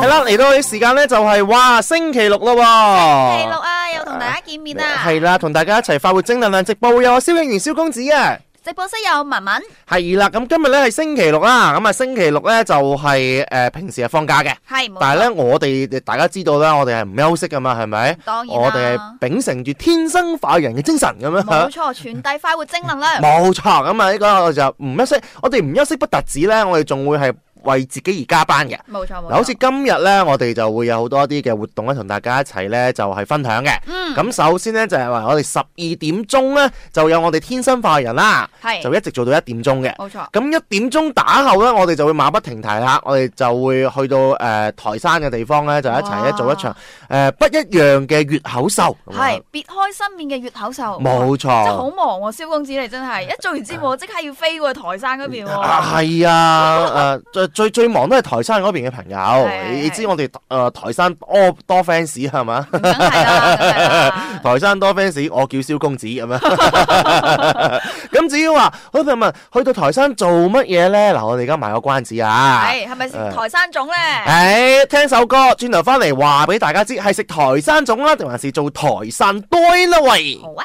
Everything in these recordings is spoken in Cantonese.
係啦，嚟到嘅時間咧就係、是、哇，星期六星期六啊，又同大家見面啦、啊！係啦、啊、同、啊、大家一齊快活正能量直播又有蕭英源蕭公子啊！直播室有文文係啦，咁今日咧係星期六啦，咁啊星期六咧就係、是、誒、呃、平時係放假嘅，係，但係咧我哋大家知道啦，我哋係唔休息噶嘛，係咪？當然、啊、我哋係秉承住天生快人嘅精神咁樣，冇錯錯，傳遞吧快活正能量，冇錯， 咁啊呢個就唔休息，我哋唔休息不特止咧，我哋仲會係。為自己而加班嘅，冇錯嗱，好似今日呢，我哋就會有好多啲嘅活動咧，同大家一齊呢就係分享嘅。嗯。咁首先呢，就係話我哋十二點鐘呢，就有我哋天生化人啦，係就一直做到一點鐘嘅，冇錯。咁一點鐘打後呢，我哋就會馬不停蹄啦，我哋就會去到誒台山嘅地方呢，就一齊咧做一場誒不一樣嘅粵口秀，係別開生面嘅粵口秀，冇錯。真係好忙喎，蕭公子你真係一做完節目即刻要飛過台山嗰邊係啊，最最忙都係台山嗰邊嘅朋友，是的 你知我哋誒、呃台，啊、台山多多 fans 係嘛？台山多 fans，我叫肖公子咁樣。咁 至於話，好提問，去到台山做乜嘢咧？嗱，我哋而家賣個關子啊，係係咪先台山粽咧？誒、哎，聽首歌，轉頭翻嚟話俾大家知，係食台山粽啦，定還是做台山堆咯？喂，好啊。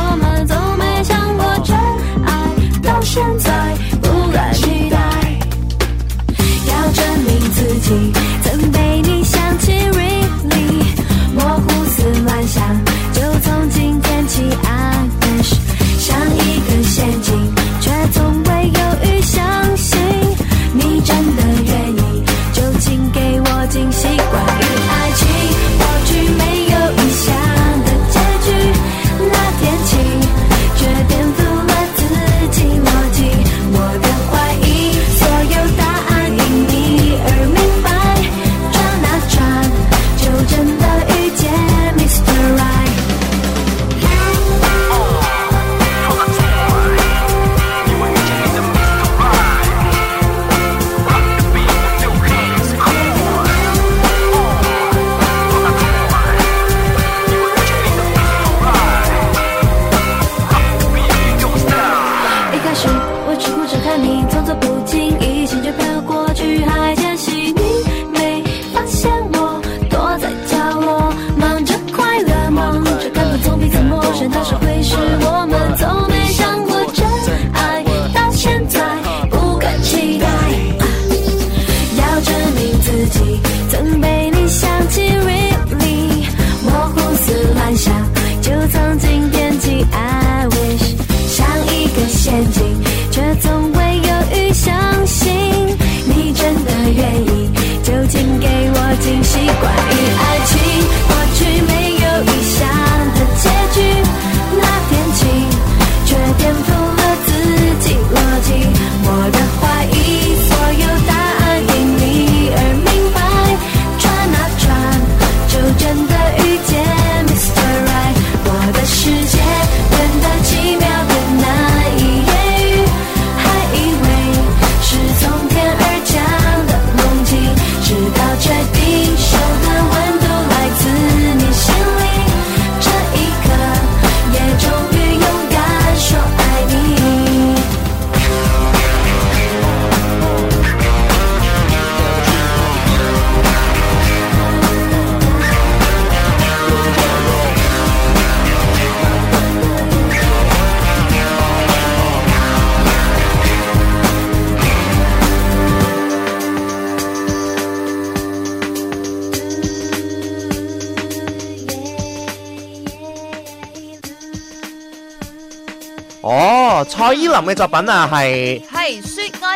林嘅作品啊，係。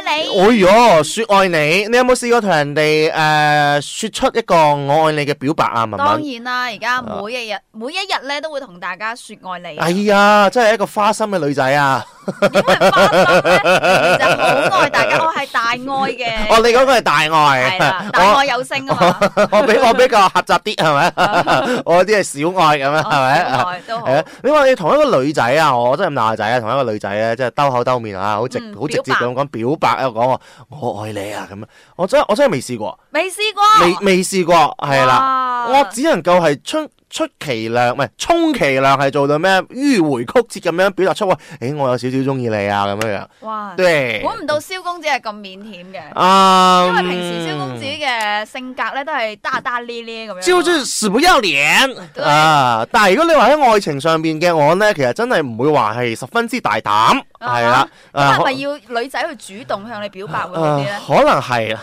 哎喲，說愛你，你有冇試過同人哋誒說出一個我愛你嘅表白啊？文文當然啦，而家每一日每一日咧都會同大家說愛你。哎呀，真係一個花心嘅女仔啊！因為花心咧，其實好愛大家，我係大愛嘅。哦，你講嘅係大愛，大愛有聲。我比我比較狹窄啲係咪？我啲係小愛咁樣啊，係咪？愛都好。你話你同一個女仔啊，我真係咁鬧仔啊，同一個女仔啊，即係兜口兜面啊，好直好直接咁講表白。又講我愛你啊，咁樣我真我真係未試過，未試過，未未試過，係啦，哇我只能夠係出出其量，唔係，充其量係做到咩迂回曲折咁樣表達出誒、哎，我有少少中意你啊咁樣樣。哇，估唔對到蕭公子係咁腼腆嘅，啊、嗯，因為平時蕭公子嘅性格咧都係單單咧咧咁樣。蕭尊死不要臉對啊！但係如果你話喺愛情上面嘅我咧，其實真係唔會話係十分之大膽。係啦，係咪要女仔去主動向你表白嗰啲咧？可能係，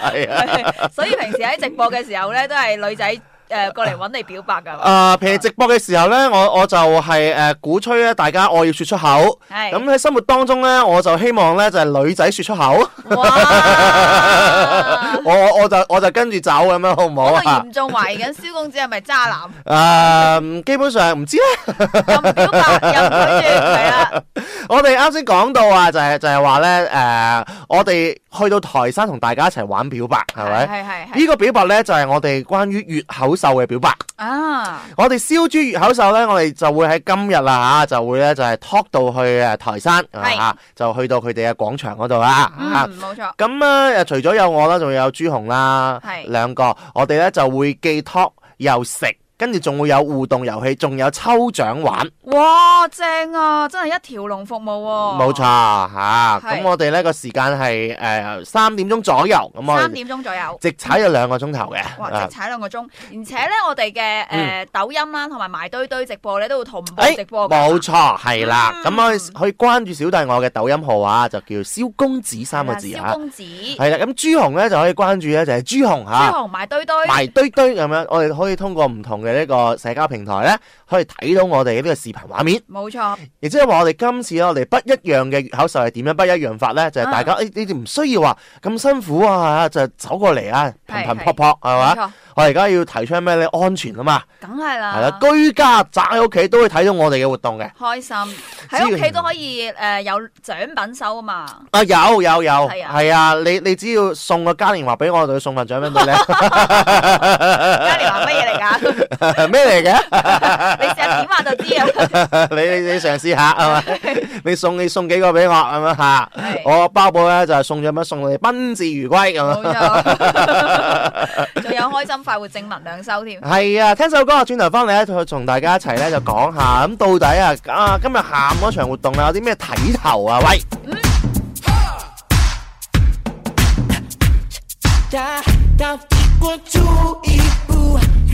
係啊， 所以平時喺直播嘅時候咧，都係女仔。誒、呃，過嚟揾你表白噶？誒、呃，譬如直播嘅時候呢，我我就係、是、誒、呃、鼓吹咧，大家我要說出口。咁喺是生活當中呢，我就希望呢就係、是、女仔說出口。哇 我我就我就跟住走咁樣，好唔好啊？嚴重懷疑緊肖公子係咪渣男？誒、呃，基本上唔知呢。又 表白係啦、 就是就是呃。我哋啱先講到啊，就係就係話咧，誒，我哋去到台山同大家一齊玩表白，係咪？係係呢個表白呢，就係、是、我哋關於月口。嘅表白啊！我哋燒豬粵口秀咧，我哋就會喺今日啦嚇，就會咧就係、是、talk 到去誒台山嚇是、啊，就去到佢哋嘅廣場嗰度啦嚇。冇、嗯啊嗯、錯。咁啊、嗯，除咗有我啦，仲有朱紅啦，是兩個，我哋咧就會既 talk 又食。跟住仲會有互動遊戲，仲有抽獎玩。哇，正啊！真係一條龍服務。冇錯吓，咁我哋呢個時間係誒三點鐘左右，咁我三點鐘左右，直踩有兩個鐘頭嘅。哇，直踩兩個鐘，而且呢我哋嘅誒抖音啦，同埋埋堆堆直播呢都會同步直播。冇錯，係啦，咁可以去關注小弟我嘅抖音號啊，就叫肖公子三個字啊。肖公子係啦，咁朱紅呢就可以關注呢，就係朱紅吓。朱紅埋堆堆，埋堆堆咁樣，我哋可以通過唔同。呢個社交平台咧，可以睇到我哋呢個視頻畫面。冇錯。亦即係話，我哋今次我哋不一樣嘅脫口秀係點樣不一樣法咧？就係大家，你你哋唔需要話咁辛苦啊，就走過嚟啊，頻頻撲撲係嘛？我而家要提倡咩咧？安全啊嘛。梗係啦。係啦，居家宅喺屋企都可以睇到我哋嘅活動嘅。開心喺屋企都可以誒有獎品收啊嘛。啊有有有係啊！你你只要送個嘉年華俾我，我就送份獎品俾你。嘉年華乜嘢嚟㗎？咩嚟嘅？你成日點話就知啊！你你你嘗試下係嘛？ 你送你送幾個俾我係嘛吓？我包保咧就係送咗乜送你，賓至如歸咁啊！仲有開心快活，正文兩首添。係 啊，聽首歌啊，轉頭翻嚟咧，去同大家一齊咧就講下，咁到底啊啊今日下午嗰場活動啊有啲咩睇頭啊？喂！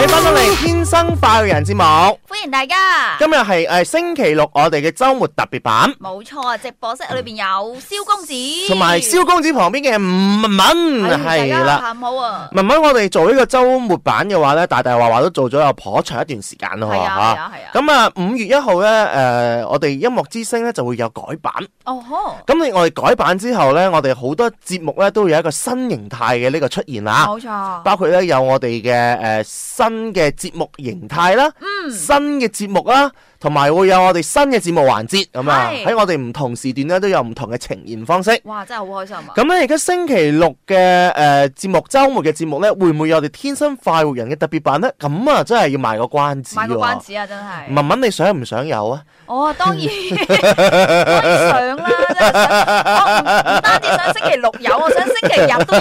歡迎返返嚟天生快活人節目。大家今日係誒星期六，我哋嘅周末特別版，冇錯。直播室裏邊有肖公子，同埋肖公子旁邊嘅文文，係啦。好啊，文文，我哋做呢個周末版嘅話咧，大大話話都做咗有頗長一段時間咯，係啊，咁啊，五月一號咧，誒，我哋音樂之聲咧就會有改版，哦吼，咁你我哋改版之後咧，我哋好多節目咧都有一個新形態嘅呢個出現啦，冇錯，包括咧有我哋嘅誒新嘅節目形態啦，嗯，新。嘅節目啦、啊，同埋會有我哋新嘅節目環節咁啊，喺是我哋唔同時段咧都有唔同嘅呈現方式。哇，真係好開心啊！咁咧，而家星期六嘅誒、呃、節目，周末嘅節目咧，會唔會有我哋天生快活人嘅特別版咧？咁啊，真係要買個關子、啊。買個關子啊！真係，文文你想唔想有啊？哦，啊， 當然想啦， 真係。我唔單止想星期六有，我想星期日都有。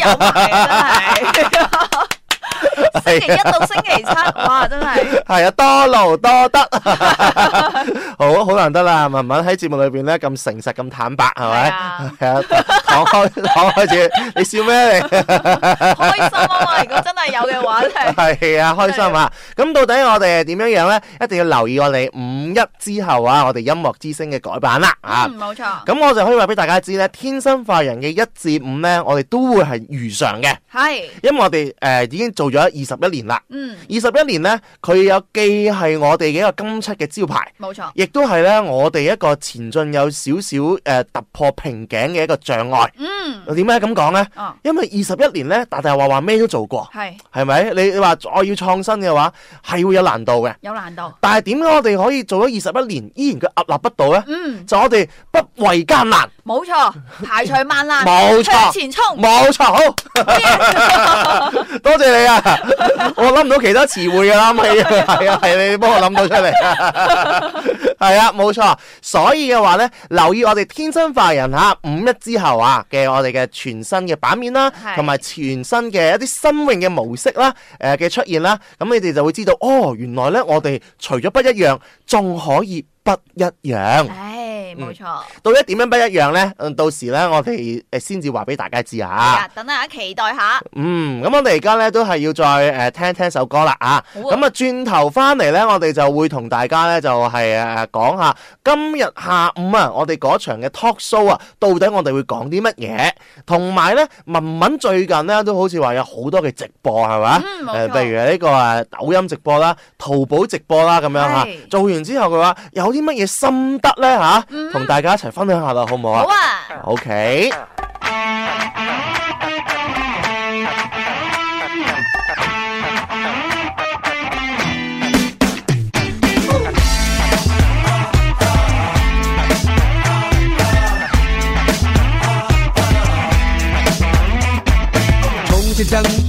真 星期一到星期七是、啊、哇，真係係啊，多勞多得， 好好難得啦，文文喺節目裏邊咧咁誠實咁坦白係咪？係啊，講、啊、開講 開住，你笑咩？你 開心啊嘛？如果真係有嘅話，係係啊，開心嘛、啊？咁到底我哋點樣樣咧？一定要留意我哋五一之後啊，我哋音樂之聲嘅改版啦啊，冇、嗯、錯。咁我就可以話俾大家知咧，天生化人嘅一至五咧，我哋都會係如常嘅，係是，因為我哋誒、呃、已經做咗。二十一年啦，嗯，二十一年呢，佢有既係我哋嘅一個金漆嘅招牌，冇錯，亦都係呢，我哋一個前進有少少誒突破瓶頸嘅一個障礙，嗯，點解咁講呢？因為二十一年呢，大大話話咩都做過，係係咪？你你話我要創新嘅話，係會有難度嘅，有難度。但係點解我哋可以做咗二十一年，依然佢屹立不倒呢？嗯，就我哋不畏艱難，冇錯，排除萬難，冇錯，前衝，冇錯，好，多謝你啊！ 我諗唔到其他詞彙噶啦，係啊係啊，係 你幫我諗到出嚟啊，係啊冇錯。所以嘅話呢，留意我哋天生化人吓五一之後啊嘅我哋嘅全新嘅版面啦，同埋是的 全新嘅一啲新穎嘅模式啦，誒、呃、嘅出現啦，咁你哋就會知道哦，原來呢，我哋除咗不一樣，仲可以不一樣。冇錯、嗯，到底點樣不一樣呢？到時呢，我哋誒先至話俾大家知吓。係啊，等大家期待下嗯。嗯，咁我哋而家呢，都係要再誒、呃、聽聽首歌啦咁啊，轉頭翻嚟呢，嗯、我哋就會同大家呢，就係誒講下今日下午啊，我哋嗰場嘅 talk show 啊，到底我哋會講啲乜嘢？同埋呢，文文最近呢，都好似話有好多嘅直播係嘛？誒，譬、嗯呃、如呢個誒抖音直播啦、淘寶直播啦咁樣吓，是做完之後嘅話有啲乜嘢心得呢？吓、啊？嗯同大家一齊分享下啦，好唔好啊？好啊 Okay。OK。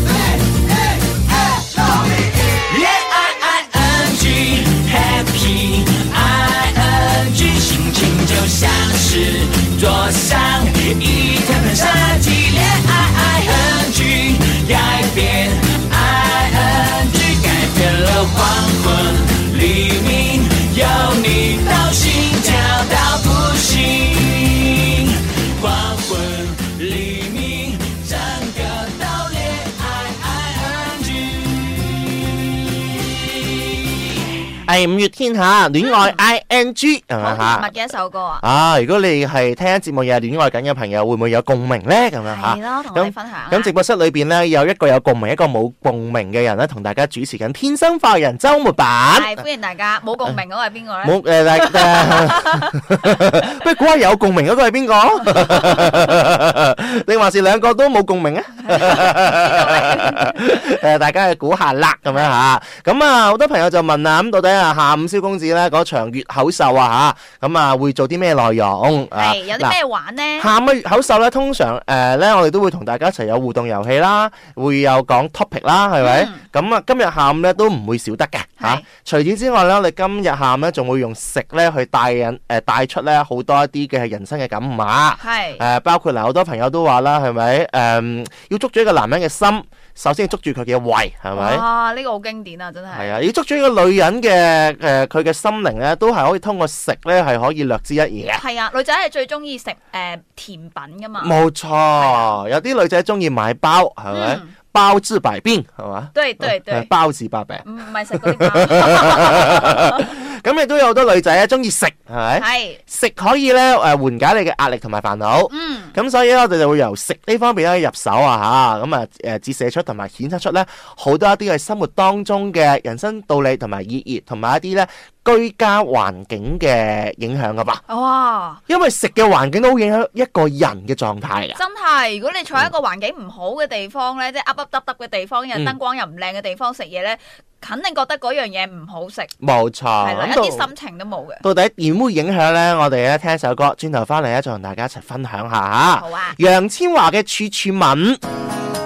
五月天吓，戀愛 I N G 係嘛吓，甜蜜嘅一首歌啊！啊，如果你係聽節目又係戀愛緊嘅朋友，會唔會有共鳴咧？咁樣吓，係咯，同你分享。咁直播室裏邊咧，有一個有共鳴，一個冇共鳴嘅人咧，同大家主持緊《天生化人》周末版，係歡迎大家。冇共鳴嗰個係邊個咧？冇誒誒，大家不如估下有共鳴嗰個係邊個？你還是兩個都冇共鳴啊？誒，大家去估下啦，咁樣吓。咁啊，好多朋友就問啦，咁到底啊？下午肖公子咧嗰場粵口秀啊吓，咁啊會做啲咩內容啊？啊啊有啲咩玩呢？啊、下午嘅粵口秀咧，通常誒咧、呃，我哋都會同大家一齊有互動遊戲啦，會有講 topic 啦，係咪？咁啊、嗯，今日下午咧都唔會少得嘅吓。除此之外咧，我哋今日下午咧仲會用食咧去帶引誒，帶、呃、出咧好多一啲嘅人生嘅感悟啊。係誒是、啊，包括嗱，好多朋友都話啦，係咪？誒、嗯，要捉住一個男人嘅心。首先捉住佢嘅胃，係咪？啊，呢、這個好經典啊，真係。係啊，要捉住呢個女人嘅，誒、呃，佢嘅心靈咧，都係可以通過食咧，係可以略知一二嘅。係啊，女仔係最中意食誒甜品噶嘛。冇錯，啊、有啲女仔中意買包，係咪？嗯、包治百病，係嘛？對對對，包治百病。唔係食嗰啲包咁亦都有好多女仔咧，中意食，係咪是？係食可以咧，誒、呃，緩解你嘅壓力同埋煩惱。嗯，咁所以我哋就會由食呢方面咧入手啊，吓，咁啊，誒、呃，折射出同埋顯現出顯示出咧好多一啲嘅生活當中嘅人生道理同埋意義，同埋一啲咧。居家環境嘅影響噶吧？哇！因為食嘅環境都好影響一個人嘅狀態啊！真係，如果你坐喺一個環境唔好嘅地方呢，即係凹凹凸凸嘅地方，又燈、嗯、光又唔靚嘅地方食嘢呢，肯定覺得嗰樣嘢唔好食。冇錯，係啦，一啲心情都冇嘅。到底點會影響呢？我哋咧聽一首歌，轉頭翻嚟咧再同大家一齊分享下吓。好啊！楊千嬅嘅處處吻。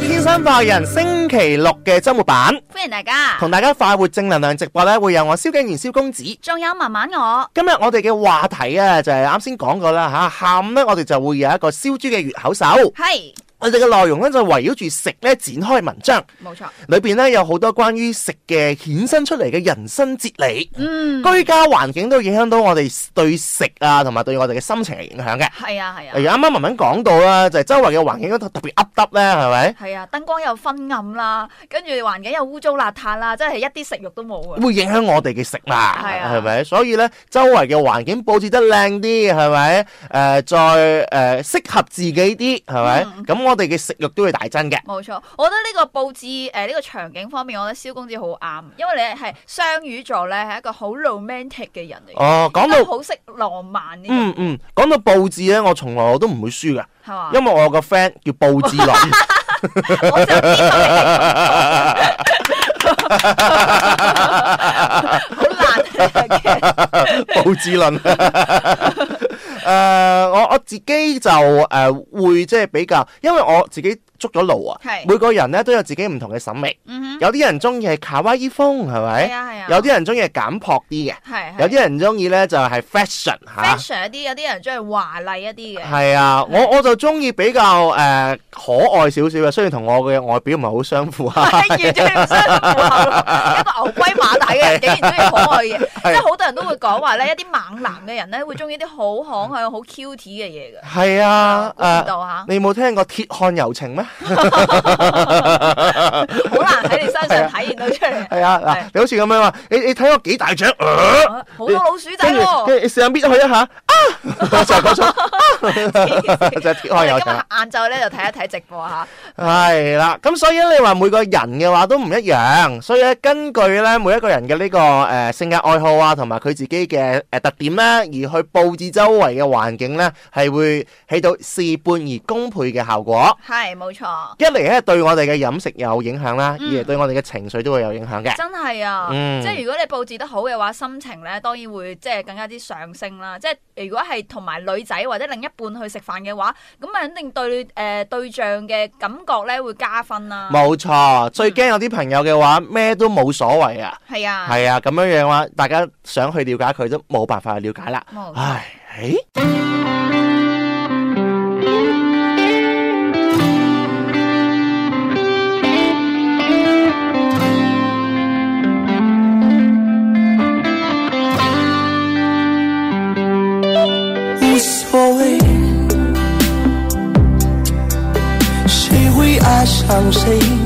天生化人星期六嘅周末版，歡迎大家同大家快活正能量直播咧，會有我蕭敬言蕭公子，仲有慢慢我。今日我哋嘅話題啊，就係啱先講過啦吓。下午咧，我哋就會有一個燒豬嘅月口手，係。我哋嘅內容咧就圍繞住食咧展開文章，冇錯錯。裏邊咧有好多關於食嘅衍生出嚟嘅人生哲理。嗯，居家環境都影響到我哋對食啊，同埋對我哋嘅心情影響嘅。係啊係啊。而家啱啱文文講到啦，就係、是、周圍嘅環境都特別噏耷咧，係咪？係啊，燈光又昏暗啦，跟住環境又污糟邋遢啦，真係一啲食欲都冇。會影響我哋嘅食啦，係咪、啊？所以咧，周圍嘅環境布置得靚啲，係咪？誒、呃，再誒，適、呃、合自己啲，係咪？咁、嗯。我哋嘅食欲都會大增嘅。冇錯，我覺得呢個布置誒，呢、呃這個場景方面，我覺得肖公子好啱，因為你係雙魚座咧，係一個好 romantic 嘅人嚟。哦、啊，講到好識浪漫呢、嗯。嗯嗯，講到布置咧，我從來我都唔會輸噶，係嘛嗎？因為我有個 friend 叫布置林。好難嘅。好智誒、呃，我我自己就誒、呃、會即係比較，因為我自己捉咗路啊。是每個人咧都有自己唔同嘅審美。嗯、哼有啲人中意係卡哇伊風係咪？係啊係啊。啊有啲人中意係簡樸啲嘅。係啊係啊、有啲人中意咧就係 fashion fashion 一啲，有啲人中意華麗一啲嘅。係啊，我我就中意比較誒、呃、可愛少少嘅，嗯、 雖然同我嘅外表唔係好相符啊。完全唔相符。 龜馬大嘅人竟然中意可愛嘅，即係好多人都會講話咧，一啲猛男嘅人咧會中意啲好可愛、好 cute 嘅嘢嘅。係啊，知道吓？你冇聽過鐵漢柔情咩？好難喺你身上體現到出嚟。係啊，你好似咁樣話，你你睇我幾大隻？好多老鼠仔喎！你試下搣咗佢一下。啊！就係講錯。就係鐵漢柔情。今日晏晝咧就睇一睇直播吓。係啦，咁所以咧，你話每個人嘅話都唔一樣，所以咧根據。每一個人嘅呢、這個誒、呃、性格愛好啊，同埋佢自己嘅誒、呃、特點咧，而去佈置周圍嘅環境咧，係會起到事半而功倍嘅效果。係冇錯。一嚟咧，對我哋嘅飲食有影響啦，二嚟、嗯、對我哋嘅情緒都會有影響嘅。真係啊，嗯、即係如果你佈置得好嘅話，心情咧當然會即係更加之上升啦。即係如果係同埋女仔或者另一半去食飯嘅話，咁啊肯定對誒、呃、對象嘅感覺咧會加分啦。冇錯，最驚有啲朋友嘅話咩都冇所謂。係啊，係啊，係啊，咁樣嘅話，大家想去了解佢都冇辦法去了解啦，唉，誒，無所謂，誰會愛上誰？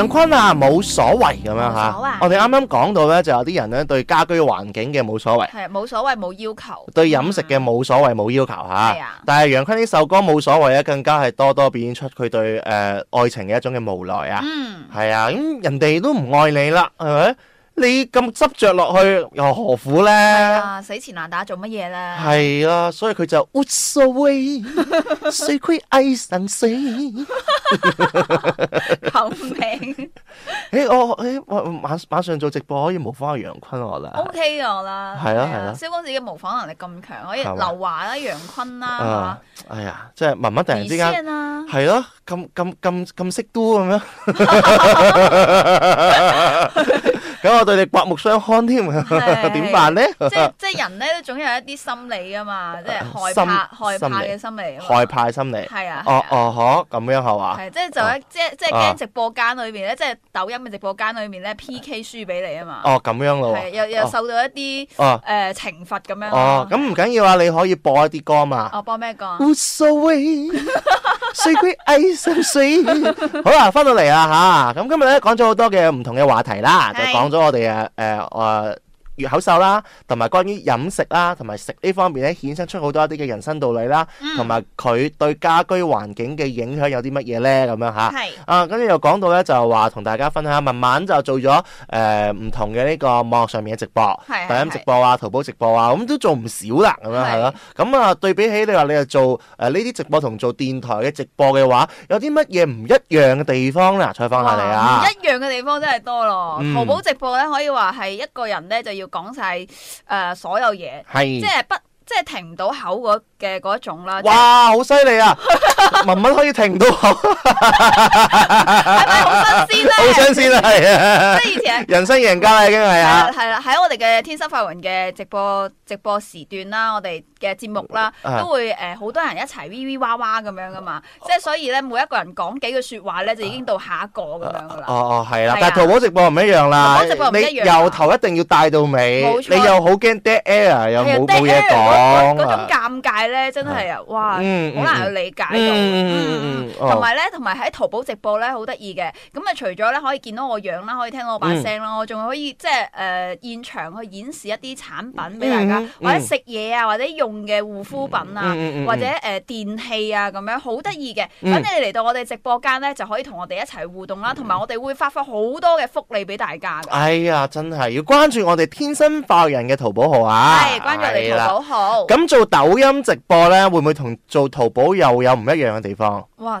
楊坤啊，冇所謂咁樣吓，啊、我哋啱啱講到咧，就有啲人咧對家居環境嘅冇所謂，係冇所謂冇要求，對飲食嘅冇所謂冇的要求吓，啊、係的但係楊坤呢首歌冇所謂咧，更加係多多表現出佢對誒、呃、愛情嘅一種嘅無奈啊，係啊、嗯，咁人哋都唔愛你啦，係咪？你咁執着落去又何苦咧、啊？死纏爛打做乜嘢咧？係啊，所以佢就 wash away，secretly 神死， 救命！誒、欸，我、欸、我晚上晚上做直播可以模仿阿楊坤我、okay、啦。O K 我啦，係咯係咯。肖、啊啊啊、公子嘅模仿能力咁強，可以劉華啦、楊坤啦、啊，係吧、啊哎、呀，即係慢慢突然之間，係咯、啊，咁咁咁咁識都咁樣。 咁我對你刮目相看添，點辦咧？即即人咧都總有一啲心理啊嘛，即係害怕害怕嘅心理。害怕心理。係啊。哦哦，呵，咁樣係嘛？係即係就喺即即驚直播間裏面咧，即係抖音嘅直播間裏面咧 P K 輸俾你啊嘛。哦咁樣咯。係又又受到一啲誒懲罰咁樣。哦咁唔緊要啊，你可以播一啲歌啊嘛。哦播咩歌？Wash away。s e e t i e 好啦、啊，翻到嚟啦吓，咁、啊、今日咧講咗好多嘅唔同嘅話題啦，是就講咗我哋誒誒誒。呃呃口秀啦，同埋關於飲食啦，同埋食呢方面咧，衍生出好多一啲嘅人生道理啦，同埋佢對家居環境嘅影響有啲乜嘢咧？咁樣吓，係是。啊，跟住又講到咧，就話同大家分享下，慢慢就做咗誒唔同嘅呢個網絡上面嘅直播，抖音直播啊，直播啊，淘寶直播啊，咁都做唔少啦，咁樣係咯。咁是啊，啊，對比起你話你係做誒呢啲直播同做電台嘅直播嘅話，有啲乜嘢唔一樣嘅地方咧？採訪下你啊。唔一樣嘅地方真係多咯。嗯、淘寶直播咧，可以話係一個人咧就要。講曬誒所有嘢是，即係不即係停唔到口嗰嘅嗰一種啦，哇，好犀利啊！文文可以停到！好，係咪好新鮮咧？好新鮮啊！即係以前人生贏家啦，已經係啊！係啦，喺我哋嘅天生發雲嘅直播直播時段啦，我哋嘅節目啦，都會誒好多人一齊 V V 哇哇咁樣噶嘛，即係所以咧，每一個人講幾句説話咧，就已經到下一個咁樣噶啦。哦哦，係啦，但係淘寶直播唔一樣啦，直播唔一樣，由頭一定要帶到尾，你又好驚 dead air，又冇冇嘢講，嗰種尷尬。咧真係啊，哇，好、嗯、難去理解到。嗯嗯。同埋咧，同埋喺淘寶直播咧，好得意嘅。咁啊，除咗咧可以見到我樣啦，可以聽到我把聲啦，我仲、嗯、可以即係誒現場去演示一啲產品俾大家，嗯嗯、或者食嘢啊，或者用嘅護膚品啊，嗯嗯嗯、或者誒、呃、電器啊，咁樣好得意嘅。咁、嗯、你嚟到我哋直播間咧，就可以同我哋一齊互動啦、啊。同埋、嗯、我哋會發揮好多嘅福利俾大家。哎呀，真係要關注我哋天生白人嘅淘寶號啊！係關注我哋淘寶號。咁做抖音直播咧，會唔會同做淘寶又有唔一樣嘅地方？哇！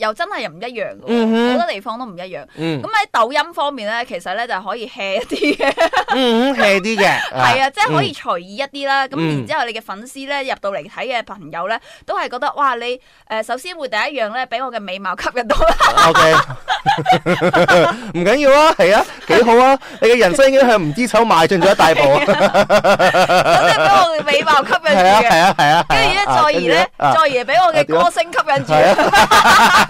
又真係唔一、嗯、哼一樣，好多地方都唔一樣。咁喺抖音方面咧，其實咧就可以 hea 一啲嘅，hea 啲嘅，係、嗯、 對啊，即係可以隨意一啲啦。咁、啊嗯、然之後你的，你嘅粉絲咧入到嚟睇嘅朋友咧，都係覺得哇，你誒、呃、首先會第一樣咧，俾我嘅美貌吸引到啦。O K，唔緊要啊，係啊，幾好啊，你嘅人生已經向唔知醜邁進咗一大步啊，咁你俾我嘅美貌吸引住嘅，係啊係啊，跟住咧，再而咧，啊、再而俾我嘅歌聲、啊啊、吸引住。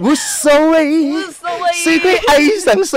無所謂，輸佢氣成死，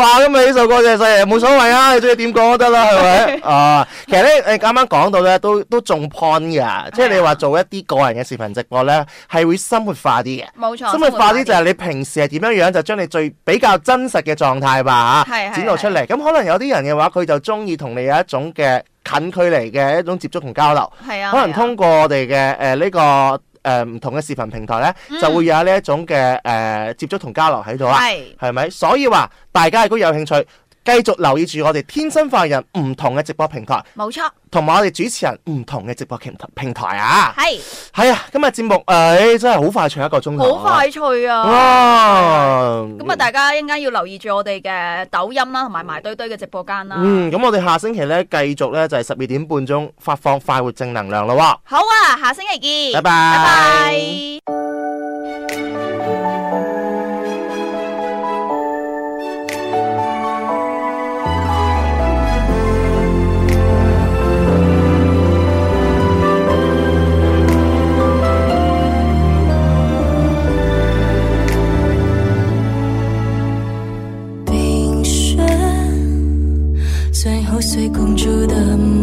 哇！咁咪呢首歌就係冇所謂啊，你中意點講都得啦，係咪？啊， uh, 其實咧，誒，啱啱講到咧，都都仲 point 噶，即係的你話做一啲個人嘅視頻直播咧，係會生活化啲嘅。冇錯錯，生活化啲就係你平時係點樣樣，就將你最比較真實嘅狀態吧，係的展露出嚟。咁可能有啲人嘅話，佢就中意同你有一種嘅近距離嘅一種接觸同交流。係啊，可能通過我哋嘅誒呢個。誒唔、呃、同嘅視頻平台咧，嗯、就會有呢一種嘅誒、呃、接觸同交流喺度啊，係咪是？所以話大家如果有興趣，繼續留意住我哋天生快人唔同嘅直播平台，冇錯錯，同埋我哋主持人唔同嘅直播平平台啊，係係是、哎哎、啊，今日節目誒真係好快趣一個鐘頭，好快趣啊，咁啊哇大家一陣間要留意住我哋嘅抖音啦，同埋埋堆堆嘅直播間啦，嗯，咁我哋下星期咧繼續咧就係十二點半鐘發放快活正能量咯，好啊，下星期見，拜拜拜拜。拜拜拜拜。